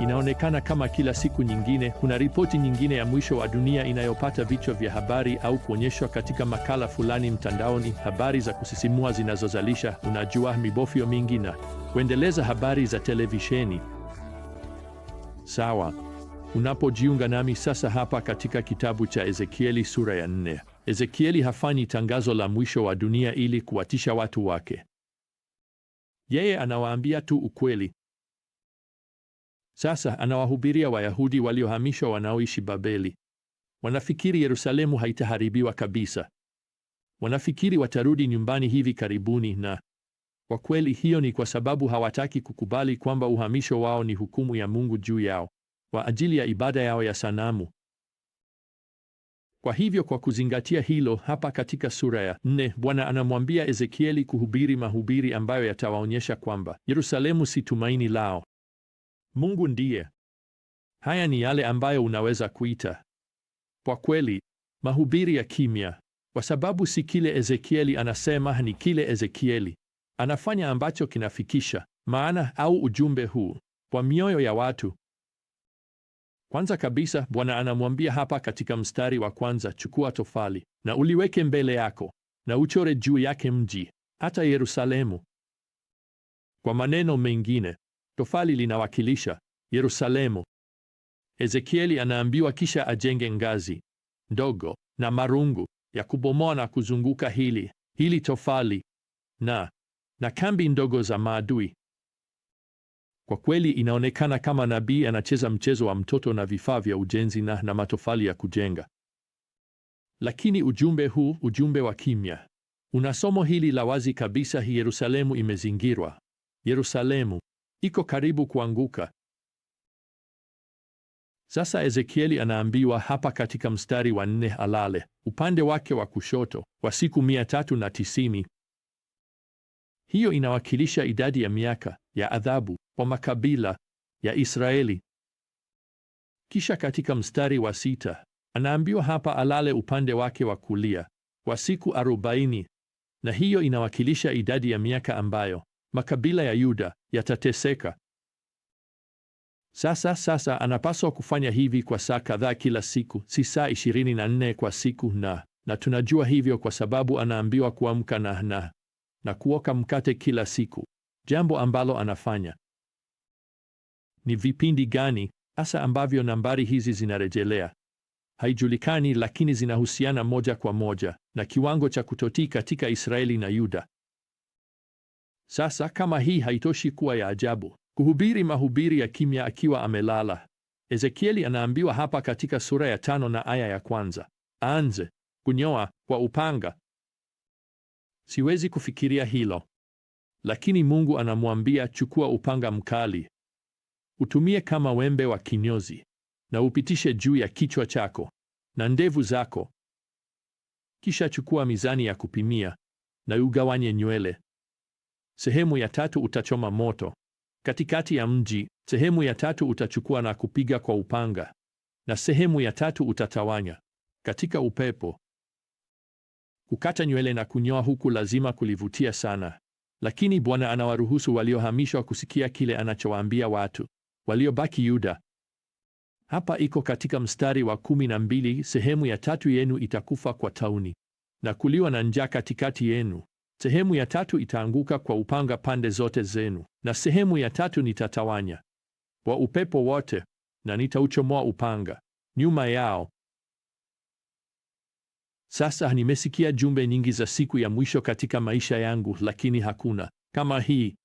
Inaonekana kama kila siku nyingine, kuna ripoti nyingine ya mwisho wa dunia inayopata vichwa vya habari au kuonyeshwa katika makala fulani mtandaoni, habari za kusisimua zinazozalisha, unajua, mibofyo mingi na kuendeleza habari za televisheni. Sawa. Unapojiunga nami sasa hapa katika kitabu cha Ezekieli sura ya nne, Ezekieli hafanyi tangazo la mwisho wa dunia ili kuwatisha watu wake. Yeye anawaambia tu ukweli. Sasa anawahubiria Wayahudi waliohamishwa wanaoishi Babeli. Wanafikiri Yerusalemu haitaharibiwa kabisa. Wanafikiri watarudi nyumbani hivi karibuni na kwa kweli hiyo ni kwa sababu hawataki kukubali kwamba uhamisho wao ni hukumu ya Mungu juu yao kwa ajili ya ibada yao ya sanamu. Kwa hivyo, kwa kuzingatia hilo, hapa katika sura ya nne Bwana anamwambia Ezekieli kuhubiri mahubiri ambayo yatawaonyesha kwamba Yerusalemu si tumaini lao. Mungu ndiye. Haya ni yale ambayo unaweza kuita kwa kweli mahubiri ya kimya, kwa sababu si kile Ezekieli anasema, ni kile Ezekieli anafanya ambacho kinafikisha maana au ujumbe huu kwa mioyo ya watu. Kwanza kabisa, Bwana anamwambia hapa katika mstari wa kwanza, chukua tofali na uliweke mbele yako na uchore juu yake mji, hata Yerusalemu. Kwa maneno mengine Tofali linawakilisha Yerusalemu. Ezekieli anaambiwa kisha ajenge ngazi ndogo na marungu ya kubomoa na kuzunguka hili hili tofali na na kambi ndogo za maadui. Kwa kweli inaonekana kama nabii anacheza mchezo wa mtoto na vifaa vya ujenzi na na matofali ya kujenga. Lakini ujumbe huu, ujumbe wa kimya, una somo hili la wazi kabisa: Yerusalemu imezingirwa. Yerusalemu iko karibu kuanguka. Sasa Ezekieli anaambiwa hapa katika mstari wa nne alale upande wake wa kushoto kwa siku mia tatu na tisini. Hiyo inawakilisha idadi ya miaka ya adhabu kwa makabila ya Israeli. Kisha katika mstari wa sita anaambiwa hapa alale upande wake wa kulia kwa siku arobaini, na hiyo inawakilisha idadi ya miaka ambayo makabila ya Yuda yatateseka. Sasa sasa anapaswa kufanya hivi kwa saa kadhaa kila siku, si saa 24 kwa siku, na na tunajua hivyo kwa sababu anaambiwa kuamka na na na kuoka mkate kila siku, jambo ambalo anafanya. Ni vipindi gani hasa ambavyo nambari hizi zinarejelea haijulikani, lakini zinahusiana moja kwa moja na kiwango cha kutotii katika Israeli na Yuda. Sasa kama hii haitoshi kuwa ya ajabu, kuhubiri mahubiri ya kimya akiwa amelala, Ezekieli anaambiwa hapa katika sura ya tano na aya ya kwanza anze kunyoa kwa upanga. Siwezi kufikiria hilo, lakini Mungu anamwambia chukua upanga mkali, utumie kama wembe wa kinyozi na upitishe juu ya kichwa chako na ndevu zako, kisha chukua mizani ya kupimia na ugawanye nywele Sehemu ya tatu utachoma moto katikati ya mji. Sehemu ya tatu utachukua na kupiga kwa upanga, na sehemu ya tatu utatawanya katika upepo. Kukata nywele na kunyoa huku lazima kulivutia sana, lakini Bwana anawaruhusu waliohamishwa kusikia kile anachowaambia watu waliobaki Yuda. Hapa iko katika mstari wa kumi na mbili: sehemu ya tatu yenu itakufa kwa tauni na kuliwa na njaa katikati yenu, Sehemu ya tatu itaanguka kwa upanga pande zote zenu, na sehemu ya tatu nitatawanya kwa upepo wote, na nitauchomoa upanga nyuma yao. Sasa nimesikia jumbe nyingi za siku ya mwisho katika maisha yangu, lakini hakuna kama hii.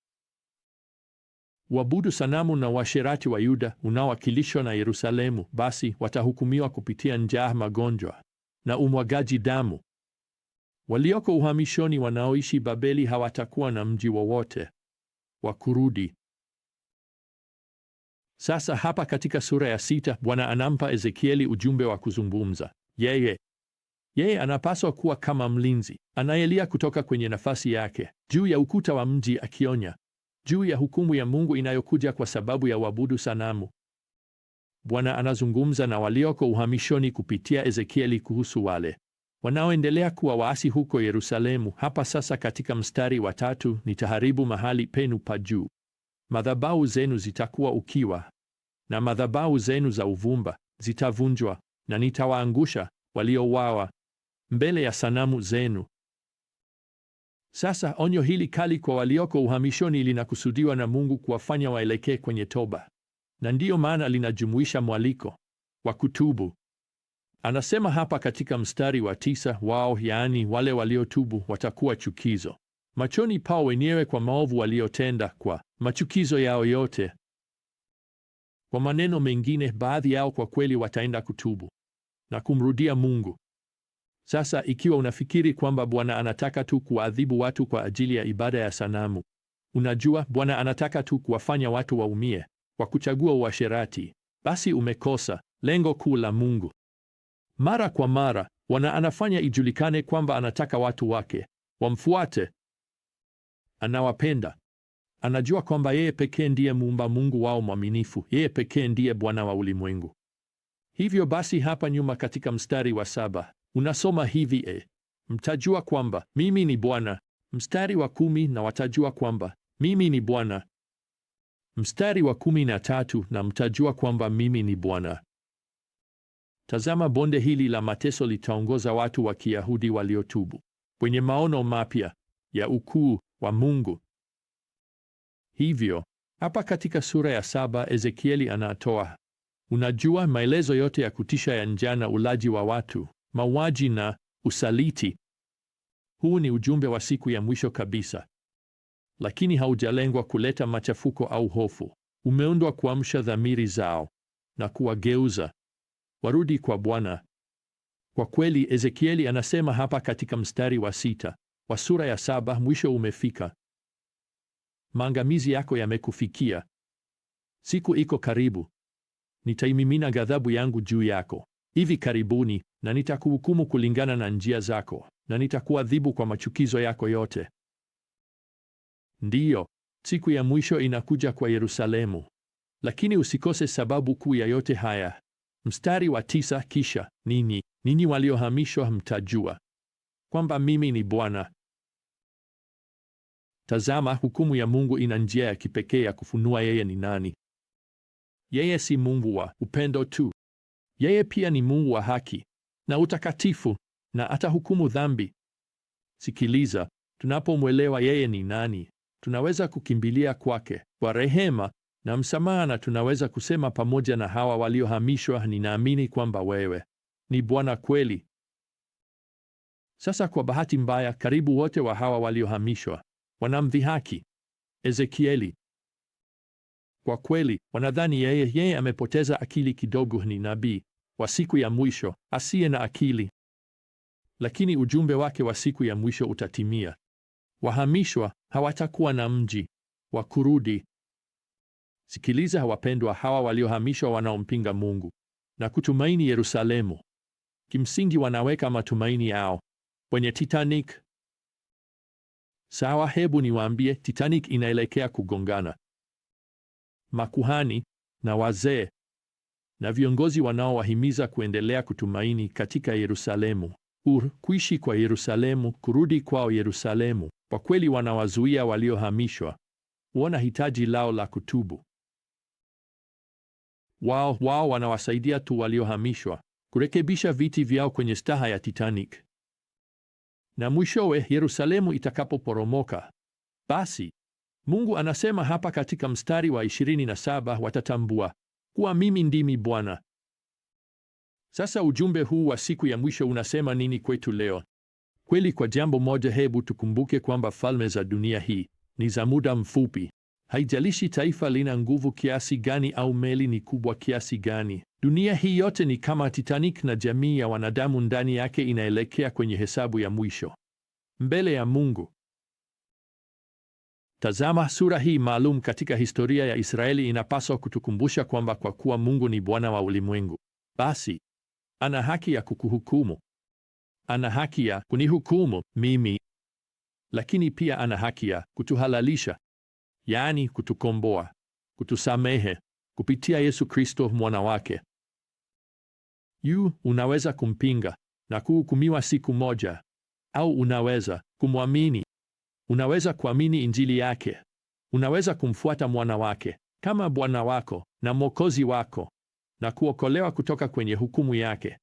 Wabudu sanamu na washerati wa Yuda unaowakilishwa na Yerusalemu, basi watahukumiwa kupitia njaa, magonjwa na umwagaji damu. Walioko uhamishoni wanaoishi Babeli hawatakuwa na mji wowote wa kurudi. Sasa hapa katika sura ya sita, Bwana anampa Ezekieli ujumbe wa kuzungumza. Yeye yeye anapaswa kuwa kama mlinzi anayelia kutoka kwenye nafasi yake juu ya ukuta wa mji, akionya juu ya hukumu ya Mungu inayokuja kwa sababu ya uabudu sanamu. Bwana anazungumza na walioko uhamishoni kupitia Ezekieli kuhusu wale wanaoendelea kuwa waasi huko Yerusalemu. Hapa sasa katika mstari wa tatu, nitaharibu mahali penu pa juu, madhabahu zenu zitakuwa ukiwa, na madhabahu zenu za uvumba zitavunjwa, na nitawaangusha waliouawa mbele ya sanamu zenu. Sasa onyo hili kali kwa walioko uhamishoni linakusudiwa na Mungu kuwafanya waelekee kwenye toba, na ndiyo maana linajumuisha mwaliko wa kutubu. Anasema hapa katika mstari wa tisa, wao yaani wale waliotubu watakuwa chukizo machoni pao wenyewe kwa maovu waliotenda, kwa machukizo yao yote. Kwa maneno mengine, baadhi yao kwa kweli wataenda kutubu na kumrudia Mungu. Sasa ikiwa unafikiri kwamba Bwana anataka tu kuwaadhibu watu kwa ajili ya ibada ya sanamu, unajua Bwana anataka tu kuwafanya watu waumie kwa kuchagua uasherati, basi umekosa lengo kuu la Mungu mara kwa mara wana anafanya ijulikane kwamba anataka watu wake wamfuate. Anawapenda, anajua kwamba yeye pekee ndiye muumba Mungu wao mwaminifu, yeye pekee ndiye Bwana wa ulimwengu. Hivyo basi, hapa nyuma katika mstari wa saba unasoma hivi e, mtajua kwamba mimi ni Bwana. Mstari wa kumi na watajua kwamba mimi ni Bwana. Mstari wa kumi na tatu na mtajua kwamba mimi ni Bwana. Tazama, bonde hili la mateso litaongoza watu wa Kiyahudi waliotubu kwenye maono mapya ya ukuu wa Mungu. Hivyo hapa katika sura ya saba Ezekieli anatoa unajua, maelezo yote ya kutisha ya njaa na ulaji wa watu, mauaji na usaliti. Huu ni ujumbe wa siku ya mwisho kabisa, lakini haujalengwa kuleta machafuko au hofu. Umeundwa kuamsha dhamiri zao na kuwageuza warudi kwa Bwana. Kwa kweli, Ezekieli anasema hapa katika mstari wa sita wa sura ya saba, mwisho umefika, maangamizi yako yamekufikia, siku iko karibu, nitaimimina ghadhabu yangu juu yako hivi karibuni, na nitakuhukumu kulingana na njia zako, na nitakuadhibu kwa machukizo yako yote. Ndiyo, siku ya mwisho inakuja kwa Yerusalemu, lakini usikose sababu kuu ya yote haya Mstari wa tisa, kisha ninyi ninyi waliohamishwa mtajua kwamba mimi ni Bwana. Tazama, hukumu ya Mungu ina njia ya kipekee ya kufunua yeye ni nani. Yeye si Mungu wa upendo tu, yeye pia ni Mungu wa haki na utakatifu, na atahukumu dhambi. Sikiliza, tunapomwelewa yeye ni nani, tunaweza kukimbilia kwake kwa rehema na msamaha, na tunaweza kusema pamoja na hawa waliohamishwa, ninaamini kwamba wewe ni Bwana kweli. Sasa kwa bahati mbaya, karibu wote wa hawa waliohamishwa wanamdhihaki Ezekieli. Kwa kweli wanadhani yeye yeye amepoteza akili kidogo, ni nabii wa siku ya mwisho asiye na akili, lakini ujumbe wake wa siku ya mwisho utatimia. Wahamishwa hawatakuwa na mji wa kurudi. Sikiliza wapendwa, hawa waliohamishwa wanaompinga Mungu na kutumaini Yerusalemu, kimsingi wanaweka matumaini yao kwenye Titanic. Sawa, hebu niwaambie, Titanic inaelekea kugongana. Makuhani na wazee na viongozi wanaowahimiza kuendelea kutumaini katika Yerusalemu, ur kuishi kwa Yerusalemu, kurudi kwao Yerusalemu, kwa kweli wanawazuia waliohamishwa uona hitaji lao la kutubu wao wao wanawasaidia tu waliohamishwa kurekebisha viti vyao kwenye staha ya Titanic. Na mwishowe Yerusalemu itakapoporomoka, basi Mungu anasema hapa katika mstari wa 27, watatambua kuwa mimi ndimi Bwana. Sasa ujumbe huu wa siku ya mwisho unasema nini kwetu leo? Kweli, kwa jambo moja, hebu tukumbuke kwamba falme za dunia hii ni za muda mfupi. Haijalishi taifa lina nguvu kiasi gani au meli ni kubwa kiasi gani, dunia hii yote ni kama Titanic na jamii ya wanadamu ndani yake inaelekea kwenye hesabu ya mwisho mbele ya Mungu. Tazama, sura hii maalum katika historia ya Israeli inapaswa kutukumbusha kwamba kwa kuwa Mungu ni Bwana wa ulimwengu, basi ana haki ya kukuhukumu. Ana haki ya kunihukumu mimi, lakini pia ana haki ya kutuhalalisha yaani kutukomboa, kutusamehe kupitia Yesu Kristo mwana wake. Yu unaweza kumpinga na kuhukumiwa siku moja, au unaweza kumwamini. Unaweza kuamini injili yake, unaweza kumfuata mwana wake kama Bwana wako na Mwokozi wako na kuokolewa kutoka kwenye hukumu yake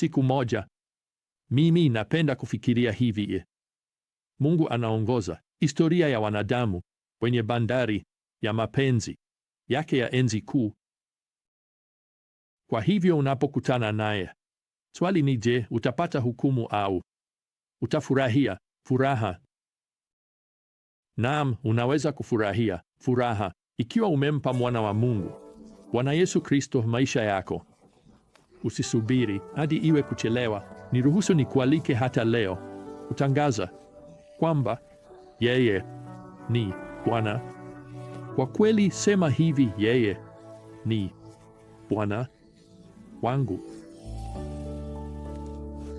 siku moja. Mimi napenda kufikiria hivi. Mungu anaongoza historia ya wanadamu kwenye bandari ya mapenzi yake ya enzi kuu. Kwa hivyo unapokutana naye, swali ni je, utapata hukumu au utafurahia furaha? Naam, unaweza kufurahia furaha ikiwa umempa mwana wa Mungu, Bwana Yesu Kristo, maisha yako. Usisubiri hadi iwe kuchelewa. Niruhusu nikualike hata leo kutangaza kwamba yeye ni Bwana. Kwa kweli sema hivi, yeye ni Bwana wangu.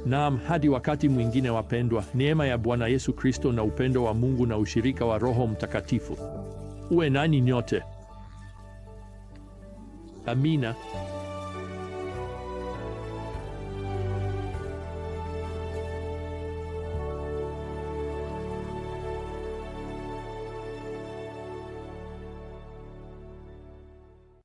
Naam, hadi wakati mwingine wapendwa, neema ya Bwana Yesu Kristo na upendo wa Mungu na ushirika wa Roho Mtakatifu uwe nani nyote. Amina.